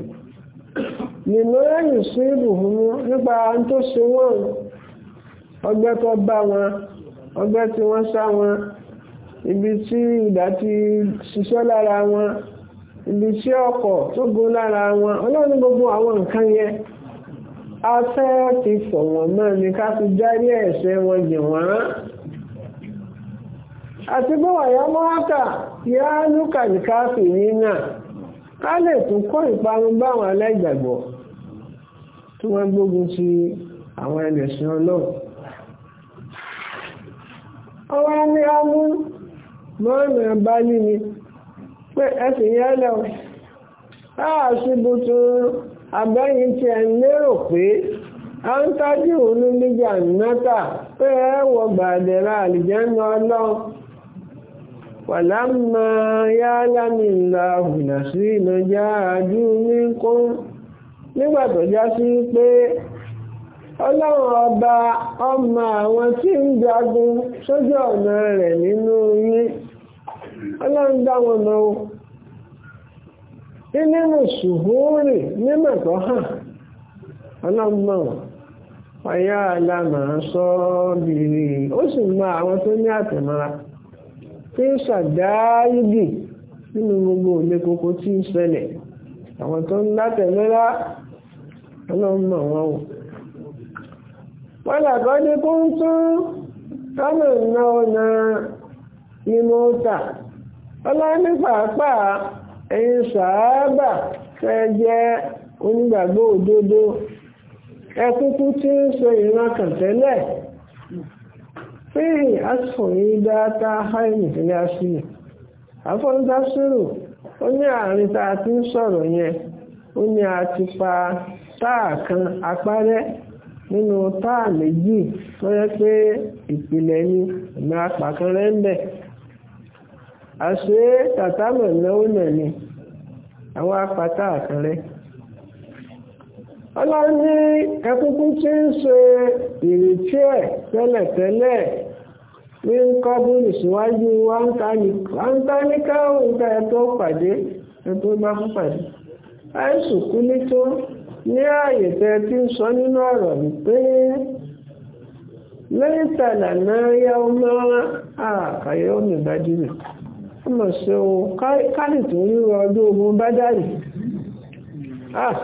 nínú ẹ̀yìn sí ìbùhùnmú nípa tó ṣe wọ́n ọgbẹ́ tó bá wọn ọgbẹ́ tí wọ́n sá wọn ibi tí ìdá ti ṣiṣẹ́ lára wọn ìbíṣẹ́ ọkọ̀ tó gún lára wọn ọlọ́run gbogbo àwọn nǹkan yẹn afẹ́ ti fọ̀ wọ́n náà ni ká fi járí ẹ̀ṣẹ́ wọn jì wọ́n àti bó wà yá mọ́ráka yá lúkà ní káfíìnì náà ká lè tún kó ìparun tí wọ́n gbógun ti àwọn ẹlẹ́sìn ọlọ́run ọwọ́ pé ẹsìn yẹn lẹ o táà tún abẹ́yìn tí ẹ lérò pé a ń tájú òun níjà náta pé ẹ wọ gbàdẹ̀rà àlìjẹ́nu ọlọ́run wàlámà yá lámì ńlá hùnà sí ìnájà àjú ní kó nígbà tó já sí pé ọba ọmọ àwọn tí ń jagun sójú ọ̀nà rẹ̀ nínú yín. ọlọ́run dá wọn lọ o nínú sùhúrì mímọ̀ tó hàn ọlọ́run mọ̀ ọ̀yá alámà sọ bìrì ó sì mọ àwọn tó ní àtẹ̀mọ́ra tí ń ṣàdáyébì nínú gbogbo koko tí ń ṣẹlẹ̀ àwọn tó ń látẹ̀mọ́ra ọlọ́run mọ̀ o wọ́n na ní mọ́tà ọlọ́ní pàápàá ẹ̀yin sàábà fẹ́ jẹ́ onígbàgbọ́ òdodo ẹ kúkú tí ń so ìran kàn tẹ́lẹ̀ fíhìn dáadáa háìmì tẹ́lẹ̀ sílẹ̀ àfọ́ńdásírò ó ní ti ń sọ̀rọ̀ yẹn ó ní a ti fa táà kan nínú táà méjì tó ìpìlẹ̀ ni ìmọ̀ ń àṣé tàtàmù náwó náà ni àwọn apáta àkàrẹ́ ọlọ́run ní ẹkùnkùn tí ń ṣe ìrètí ẹ̀ tẹ́lẹ̀tẹ́lẹ̀ ní ń kọ́ búrú síwájú wáńtáníkà òǹkà pàdé bá fún pàdé kú ní tó ní ààyè tẹ́ tí ń sọ nínú ọ̀rọ̀ lẹ́yìn tàlà náà yá ọmọ àkàyọ́ mọ̀ ṣe o káàdì tó ń rọ ọdún ogun bádàrí ah,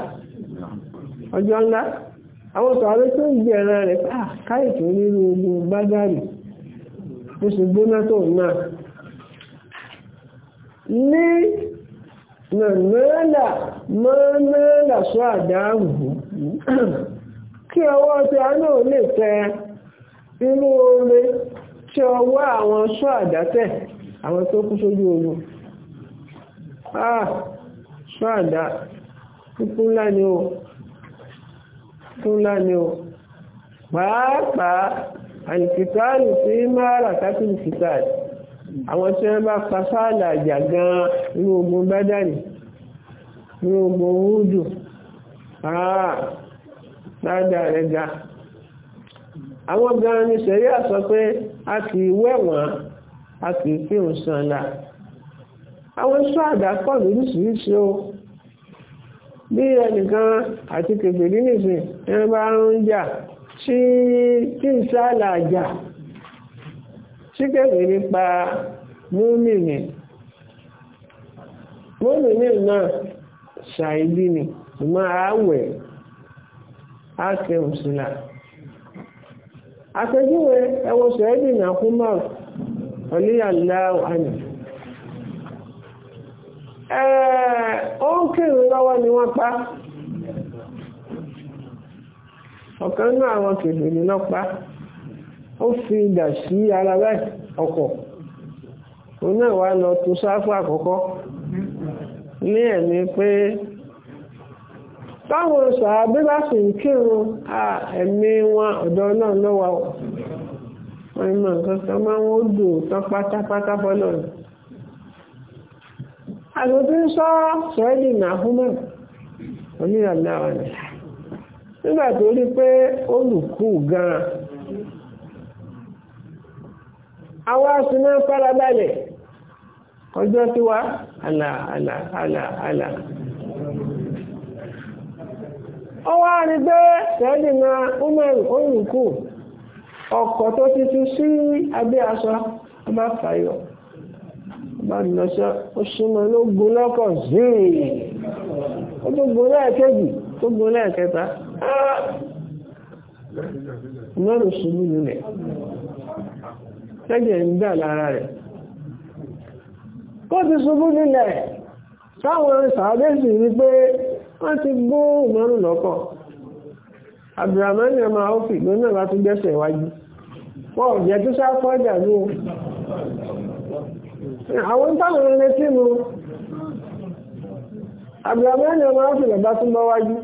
ọjọ́ ńlá àwọn sọ̀rọ̀ tó ń gbé ẹran rẹ̀ káàdì tó ń rọ ogun bádàrí mo sì gbóná tó náà ní nàmẹ́là sọ àdáhùn kí ọwọ́ a lè tẹ àwọn tó kú sójú ogun ah ṣáàdá kúkú ńlá ni o kúkú ńlá ni o pàápàá àìkìtàlù sí mara kátìlì kìtàlù àwọn tí wọ́n bá pa sáàlà àjà gan inú ogun bádàní inú ogun wúdù ah dáadáa rẹ̀ ga àwọn gan ni sẹ̀ríà sọ pé a kì í wẹ̀wọ̀n a kì í pé òun sànlá àwọn iṣẹ́ àdá pọ̀ lóríṣiríṣi o bí ẹnìkan àti kèfèrí nìsín ẹni bá ń jà tí tí ń sálà jà tí kèfèrí pa múmìnì múmìnì náà ṣàìdí ni ṣùgbọ́n àáwẹ̀ á kẹrùn sílà àpèjúwe ẹwọ sẹ́ẹ̀dì nàkúmọ̀rù ọ̀níyànláwọ̀ àná ó ń kèrò lọ́wọ́ ni wọ́n pa ọ̀kan ní àwọn kèfèrè náà pa ó fi ìdà sí ara rẹ̀ ọkọ̀ òun náà wá lọ tó sáfù àkọ́kọ́ ní ẹ̀mí pé táwọn sàábé bá sì ń kírun ẹ̀mí wọn ọ̀dọ̀ náà lọ́wọ́ wọ́n mọ̀ nǹkan kan máa ń wọ́n dùn tán pátápátá bọ́lọ̀ rẹ̀. àgbẹ̀bí ń sọ sọ́ẹ́lì nàhúmọ̀ onírànlá wa nì nígbà tó rí pé olùkú gan-an àwa sinmi farabalẹ̀ ọjọ́ tí wá àlà àlà àlà àlà ọwọ́ àrígbé sẹ́ẹ̀dì náà ó mẹ́rin ọkọ̀ tó ti tu sí abẹ́ aṣọ wọ́n bá fàyọ̀ wọ́n bá nà ṣe ó súnmọ́ ló gun lọ́kọ̀ zíì ó tó gun lẹ́ẹ̀kejì tó gun lẹ́ẹ̀kẹta mọ́rùn ṣubú nílẹ̀ lẹ́jẹ̀ ń dà lára rẹ̀ kó ti ṣubú nílẹ̀ táwọn sàádẹ́sì rí pé wọ́n ti gbó mọ́rùn lọ́kọ̀ abdulhamani ọmọ áwọ́fì lónà bá tún gbẹ́sẹ̀ wájú wọ́n jẹ́ tó sáfọ́ ìdàlú àwọn táwọn ẹni sínú àbúrámẹ́ni ọmọ áfìlẹ̀ bá tún bọ́ wájú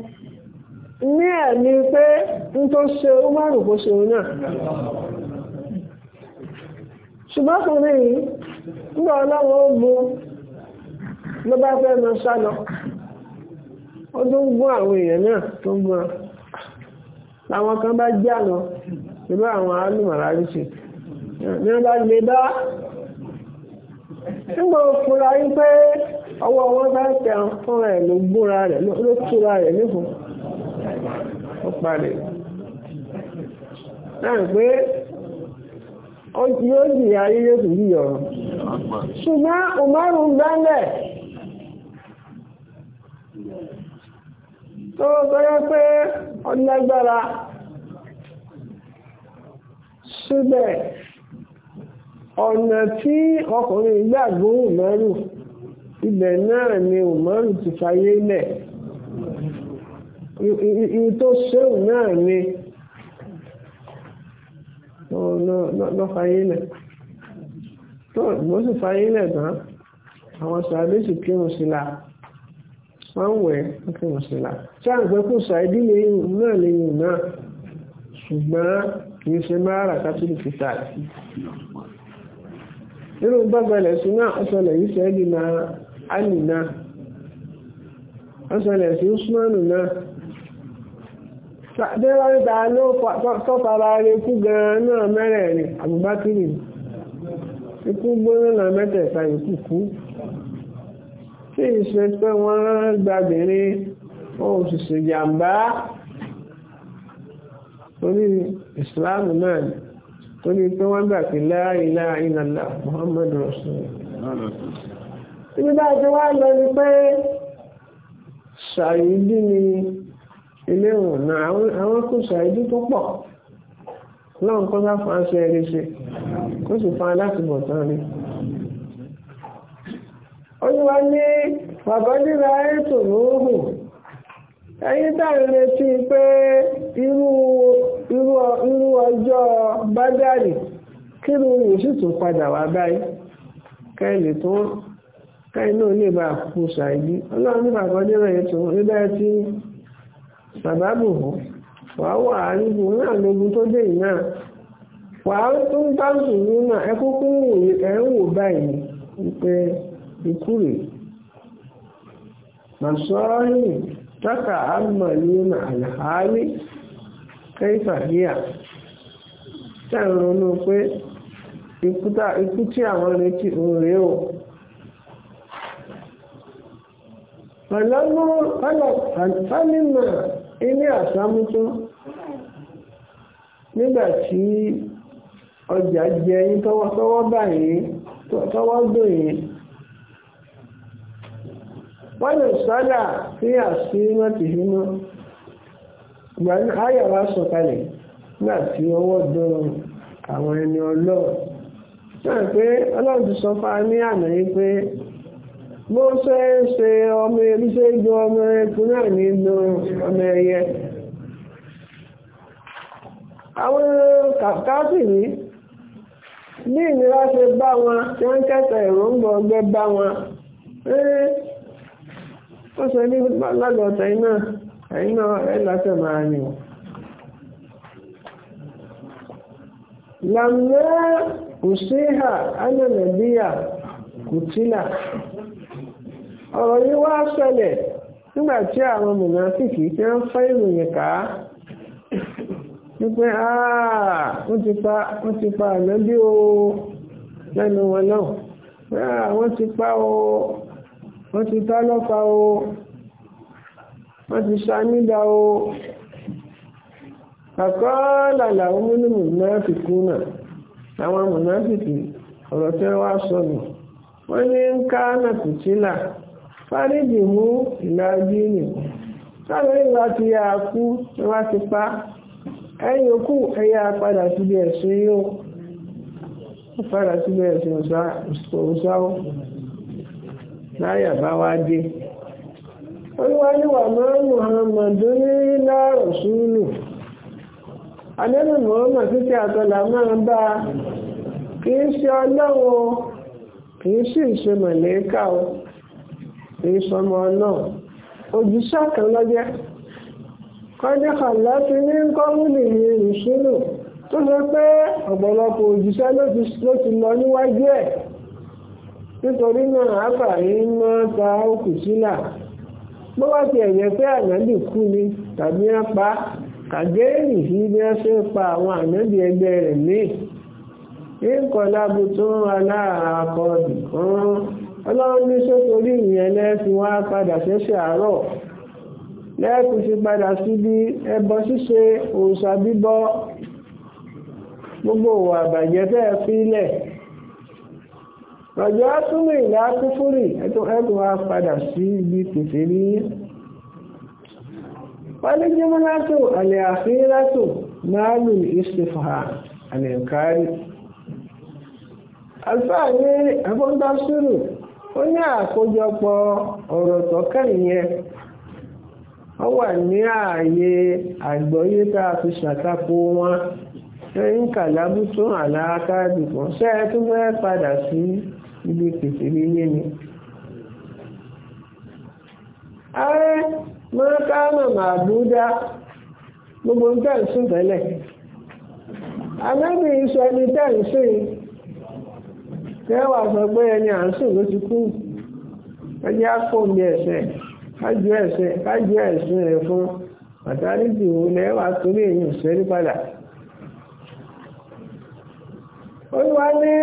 ní ẹ̀mí pé n tó ṣe ó márùn kó ṣe náà ṣùgbọ́n kan ní yìí nígbà ọlọ́run ó bu ló bá fẹ́ lọ sá lọ ó tún gún àwọn èèyàn náà tó gún ọ làwọn kan bá já lọ nínú àwọn alùmọ̀lá rí sí ní wọ́n lè dá nígbà òfúra yí pé ọwọ́ wọn bá tẹ fún ẹ̀ ló gbóra rẹ̀ ló túra rẹ̀ nífun ó parẹ̀ náà pé yóò jìyà yíyó sì yí ọ̀rọ̀ ṣùgbọ́n òmárù gbálẹ̀ tó bẹ́rẹ̀ pé ọlágbára síbẹ̀ ọ̀nà tí ọkùnrin gbàgbó Umaru ibẹ̀ náà ni Umaru ti fayé lẹ̀ ìyí tó ṣéun náà ni lọ fayé lẹ̀ tó bó sì fayé lẹ̀ tán àwọn sàbẹ̀ sì kírun sí la wọ́n wẹ̀ kírun sí la tí à ń gbẹ́kùsà ìdílé náà lẹ́yìn náà ṣùgbọ́n kìí ṣe mara kátólì fìtà àti nínú gbàgbàlẹ̀ sí náà ọ̀sọ̀lẹ̀ yìí sẹ́ẹ̀lì náà alì náà ọ̀sọ̀lẹ̀ sí usmanu náà dẹ́wọ́n ta ló tọ́fara rẹ̀ kú gan-an náà mẹ́rẹ̀ẹ̀rin àbúbákìrì ikú gbóná náà mẹ́tẹ̀ẹ̀ta yòókù kú tí ìṣe pé wọ́n gbàbìnrin wọn ò sì ṣèjàmbá orí ìsìláàmù náà ni tó ní pé wọ́n gbà pé la ilaha illallah muhammadu rasulullah. ibi bá a ti wá lọ ni pé ṣàyídí ni ilé ìwọ̀n náà àwọn kò ṣàyídí tó pọ̀ náà kó bá fa aṣọ ẹni ní bàbá nílà ètò lóògùn ẹ̀yin tá à ń pé irú irú ọjọ́ bádàrí kí ló ń sì tún padà wá báyìí káìlì tó káì náà lè bá kú ṣáájú ọlọ́run nípa kan débẹ̀ yẹn tó níbẹ̀ tí bàbá bò ó wà á náà lógun tó dé tún bá náà ẹ ẹ ń wò báyìí wípé ikú màsọ́ọ́rì kẹ́yìfà yíyà tá ń ronú pé ikú tí àwọn retí o. Fálímà ilé àsámútó nígbà tí ọjà jẹ yín tọwọ́ báyìí tọwọ́ dùn Wọ́n lè sọ́dà sí gbàgbé ayọ̀ wa sọ̀kalẹ̀ nígbà tí ọwọ́ dán àwọn ẹni ọlọ́run náà pé ọlọ́run ti sọ fún wa ní àná yìí pé bó ṣe ń ṣe ọmọ ebi ṣe ju ọmọ eku náà nínú ọmọ ẹyẹ àwọn kàkásìrì bí ìnira ṣe bá wọn tí wọ́n kẹta èròǹgbà ọgbẹ́ bá wọn ó ṣe ní lágbọ̀tẹ̀ náà ẹ̀yin náà ẹ̀ lásẹ̀ máa ní o. làmúlẹ́ òṣèhà ánàmẹ́bíyà kùtìlà ọ̀rọ̀ yìí wá ṣẹlẹ̀ nígbà tí àwọn mùnàfíkì ti ń fẹ́ ìròyìn ká wípé wọ́n ti pa ànábí o lẹ́nu wọn náà wọ́n ti pa o wọ́n ti ṣá nígbà o àkọọ́lẹ̀ làwọn mímú mùnáfìkú náà àwọn mùnáfìkì ọ̀rọ̀ tí wọ́n sọ nù wọ́n ní ń ká nàkùtìlà fárídì mú ìlàjì nì sáwọn ìlà ti yà á kú ni wọ́n ti pa ẹ̀yìn òkú ẹ̀yà padà síbi ẹ̀sìn yóò padà síbi òṣàwọ̀ láyà bá olúwaníwà wa ma muhammadu nílá rọ̀ṣúlù adẹ́nu muhammad títí àtọ́là máa ma kì í ṣe ọlọ́wọ́ kì í o kì í sọmọ ọlọ́ọ̀ aka kan lọ́jẹ́ kọjá kàlá ti ní kọ́múlì ní tó sọ pé ọ̀pọ̀lọpọ̀ òjíṣẹ́ ló ti lọ níwájú ẹ̀ nítorí náà àpàrí máa ta bó bá ti ẹ̀yẹ pé ànábì kú ni tàbí ẹ pa kàgẹ́rì sí bí ẹ ṣe pa àwọn ànábì ẹgbẹ́ rẹ̀ míì ìkọlábù tó ń kan ọlọ́run ní ìyẹn lẹ́ẹ̀fi wá padà gbogbo òwò àbàjẹ́ fílẹ̀ rọ̀jọ́ súnmù ìlà kúfúrì ẹ̀tùn wá padà sí ibi kìtì rí wọ́n ní jímọ́látò àlẹ́ àfíìlátò máa lù ìsìfà àlẹ́ kárí àlùfáà ní abọ́ńdásírù ó ní àkójọpọ̀ ọ̀rọ̀ tọ́ka ìyẹn wà ní ààyè àgbọ́yé tá a fi ṣàtakò wọn ń tún padà sí. ilé kèfèrè ilé ni ààrẹ mọ́kánà màdúdá gbogbo ń tẹ̀sùn tẹ́lẹ̀ anábì sọ ẹni tẹ̀sùn kẹwàá sọ pé ẹni à ń sùn ló ti kú ẹni kájú kájú ẹ̀ fún òun lẹ́wàá torí èyí ò sẹ́rí padà. olúwa ní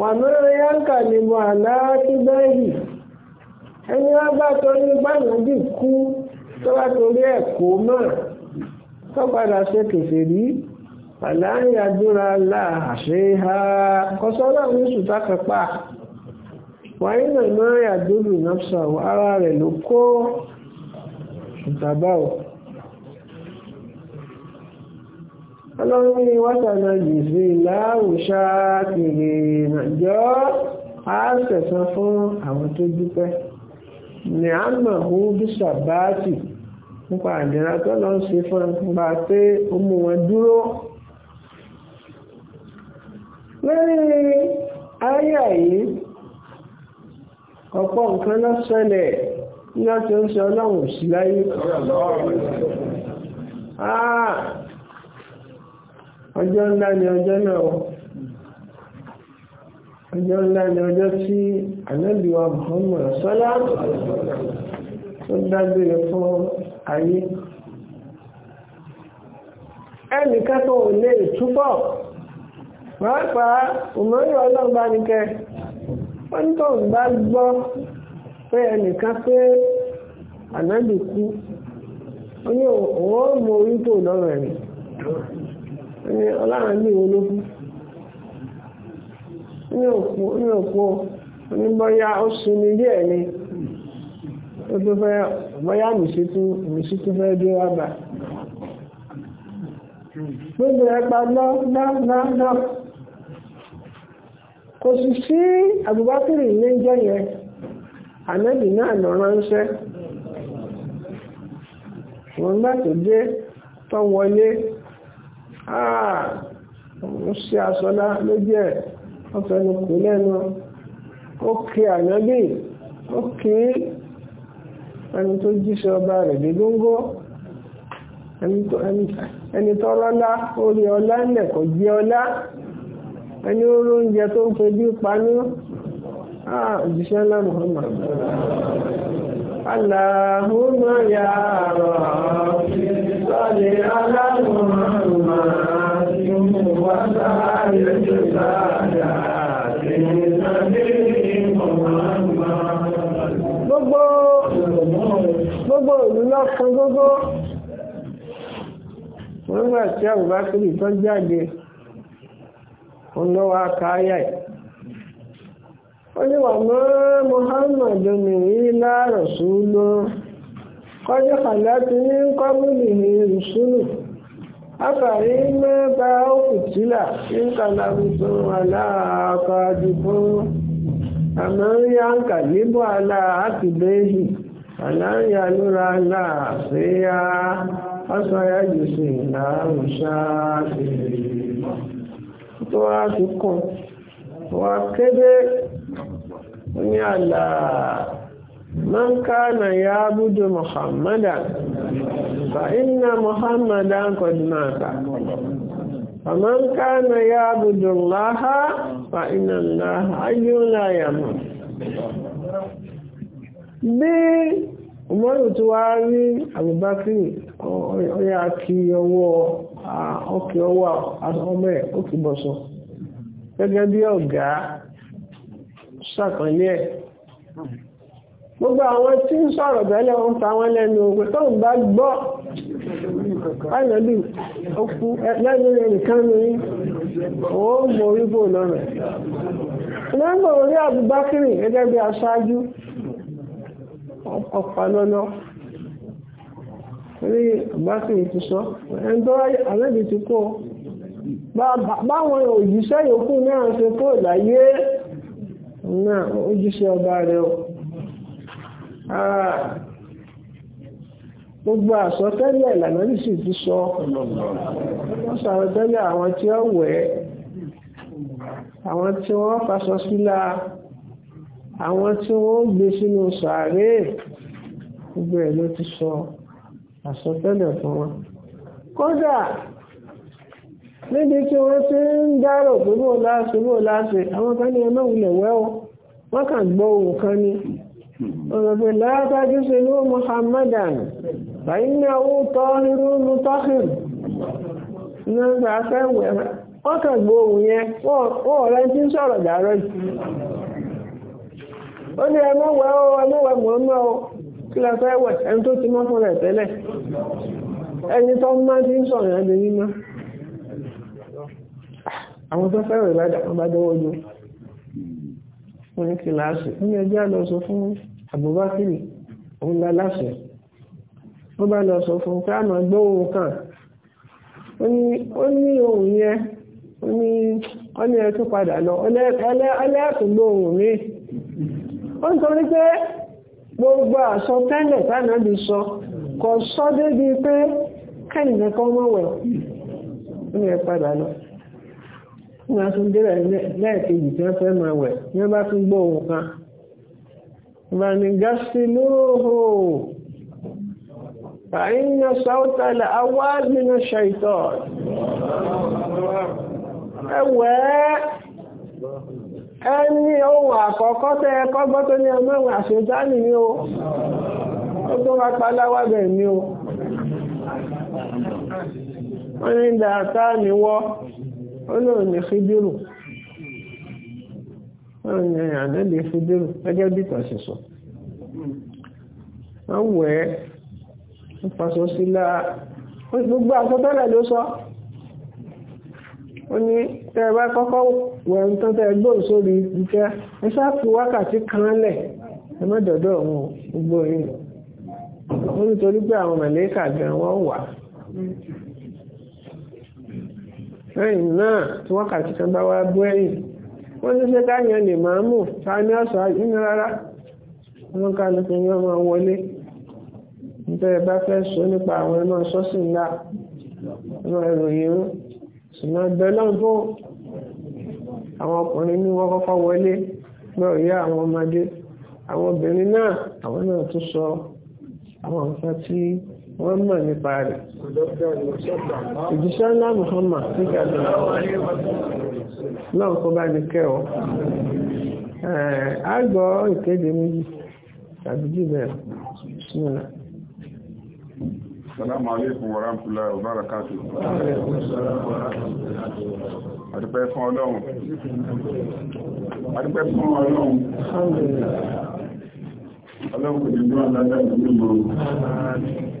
wàmíràn yánkà ni mo àlá sí bẹ́ẹ̀lì ẹni wá bá torí gbàgbọ́dì kú tó bá torí ẹ̀kọ́ náà tó padà ṣe kèfèrí àlá ń yàdúrà láàṣẹ ha kọsọ́lá ní sùtá kápá wàyí náà náà yàdúrà náà sọ ara rẹ̀ ló kó sùtàbáwò. ọlọ́run ní wátàná jìsí láàrùṣà kiri ìrìnàjò á sẹ̀sán fún àwọn tó dúpẹ́ ní àmà hù bí sàbáàtì nípa àdìrà tó lọ sí fún nípa pé ó mú wọn dúró lórí ayà yìí ọ̀pọ̀ nǹkan ló ṣẹlẹ̀ ní ọ̀tún sí ọlọ́run sí láyé. Ah, ọjọ́ ńlá ni ọjọ́ náà ọjọ́ ńlá ni ọjọ́ tí ànábìwá Muhammad sọ́lá tó dágbére fún ayé ẹnìkan tó ò lè túbọ̀ pàápàá òmòrí ọlọ́gbà nìkẹ́ wọ́n tó ń bá gbọ́ pé ẹnìkan pé ànábì kú ó mọ orí tó lọ́rọ̀ ẹ̀rìn ọlọ́run ní ìwọ lókun ní òkú ní òkú ó sinmi díẹ̀ ni tó fẹ́ fẹ́ dé wá bà gbogbo ẹpa pa kò sì sí àbúbákìrì ní jẹ́ yẹn náà lọ ń ah, ṣe àsọlá ló jẹ́ wọ́n fẹnu kù lẹ́nu ó kí ànábì ó kí ẹni tó jíṣẹ́ ọba rẹ̀ dé góńgó ẹni tó lọ́lá orí ọlá ńlẹ̀ kò jẹ́ ọlá ẹni ó lóúnjẹ tó ń fojú panú ah, òjíṣẹ́ ńlá Muhammad. Allahumma ya Rabbi salli ala Muhammadin wa sallim Gbogbo gbogbo ìlú lọ́kùn gbogbo nígbà tí àbúbá kiri tó jáde, òun lọ́wọ́ akáyà ẹ̀. oníwà mọ́ muhammadu ní ilá rọ̀súlọ́ kọjá ti ní kọ́bùlì ní rùsúlù afàrí mẹ́ta òkùtílà ní kàlàbùsùn aláàkọ́dìbò àmọ́ yá ń kàdíbò aláàkìbéhì àláyà lóra aláàfíà ọ̀sọ̀yà jùsì láàrùsáàfì tó wá fi kéde ní àlà na ya búdó muhammadan fa inna muhammadan kọjúmáta fàmọ́ńkánà ya búdó láha fa inna láha ayyúnlá yàmù bí umaru tí wá rí abubakar ọya kí ọwọ́ ọkẹ̀ ọwọ́ ọmọ ẹ̀ ó kì bọ́sọ gẹ́gẹ́ bí ọ̀gá sàkànlé ẹ̀ gbogbo àwọn tí ń sọ̀rọ̀ bẹ́lẹ̀ ń fa wọn lẹ́nu ogun tó ń bá gbọ́ ánàbì okú lẹ́nu nìkan ní òun mórí bò lọ́nà lẹ́nu orí Abubakar gẹ́gẹ́ bí aṣáájú ọ̀pá lọ́nà orí Abubakar ti sọ ẹni tó àlẹ́bì ti kó báwọn òjíṣẹ́ yòókù náà ṣe kó láyé náà ojúṣe ọba rẹ̀ o gbogbo àsọtẹ́lẹ̀ ìlànà yìí sì ti sọ wọ́n sàrọ̀tẹ́lẹ̀ àwọn tí ó wẹ̀ àwọn tí wọ́n faṣọ sílá àwọn tí wọ́n gbé sínú sàárè gbogbo ẹ̀ ló ti sọ àsọtẹ́lẹ̀ fún wọn kódà níbi tí wọ́n ti ń dárò pé bó láṣẹ bó láṣẹ àwọn kan ní ẹ náà wulẹ̀ wẹ́ o. wọ́n kàn gbọ́ ohun kan ní ọ̀rọ̀gbẹ̀ látájú sí ló Muhammadan báyí ní owó tọ́hírú ní tọ́hírù ohun yẹn wọ́n ní ẹmọ́wẹ́ ẹni tó máa ti ń sọ̀rọ̀ ah, àwọn tó wọ́n ní kìláàsì nínú ẹjẹ́ lọ fún àbúbákìrì òun la láṣẹ wọ́n bá lọ sọ fún pé àmọ́ gbọ́ ohun kan ó ní ohun yẹn ó ní ọ́nà ẹ̀ padà lọ ọlẹ́ẹ̀kùn ohun mi ó ń torí gbogbo tẹ́lẹ̀ tánà sọ kò sọ débi pé kẹ́yìn kan mọ̀wẹ̀ ó ní ẹ wọ́n tún délẹ̀ lẹ́ẹ̀kejì tí wọ́n fẹ́ máa wẹ̀ ní wọ́n bá tún gbọ́ ohun kan ìbánigáṣílóòhò àìyàn sáútàlẹ̀ awáàgbìnà ṣàìtọ̀ ẹwẹ́ ẹni ohun àkọ́kọ́ tẹ́ ẹkọ́ gbọ́ tó ní ọmọ́wọ̀n àṣẹ́jáàlì ni o ó tó wá paláwàbẹ̀ ní o wọ́n ní ni wọ ó lóun ní fídírù wọ́n ní ànábì fídírù gẹ́gẹ́ bí kan ṣe sọ wọ́n wẹ̀ ẹ́ ń sí lára gbogbo àsọtẹ́lẹ̀ ló sọ ó ní tẹ́ kọ́kọ́ wẹ̀ ń tán tẹ́ sórí ìtẹ́ ẹ ṣáàpù wákàtí kan lẹ̀ ẹ má dọ̀dọ̀ wọn gbogbo yìí ó nítorí pé àwọn mẹ̀lẹ́kà gan wọ́n wà lẹ́yìn náà tí wákàtí kan bá wá bú ẹ̀yìn wọ́n ti ṣe káyọ̀ lè máa mú ta ní ọ̀sán nínú rárá wọ́n ká ló fi yán máa wọlé nítorí bá fẹ́ sọ nípa àwọn ẹ̀nà sọ́ọ̀sì ńlá ẹ̀nà ìròyìn rú ṣùgbọ́n ẹgbẹ́ náà bó àwọn ọkùnrin ní wọ́n kọ́kọ́ wọlé lọ́ọ̀ yá àwọn ọmọdé àwọn obìnrin náà àwọn náà tún sọ àwọn nǹkan tí wọ́n mọ̀ nípa rẹ̀. Ìjíṣẹ́ ńlá Muhammad nígbà tó náà kó bá ní kẹ́ọ̀. A gbọ́ ìkéde méjì tàbí jù bẹ́ẹ̀ sílẹ̀. Salamu alaikum wa rahmatullahi wa barakatuh. Adúpẹ́ fún Ọlọ́run. Adúpẹ́ fún Ọlọ́run. Ọlọ́run kò ní gbọ́n lágbàá ìgbìmọ̀.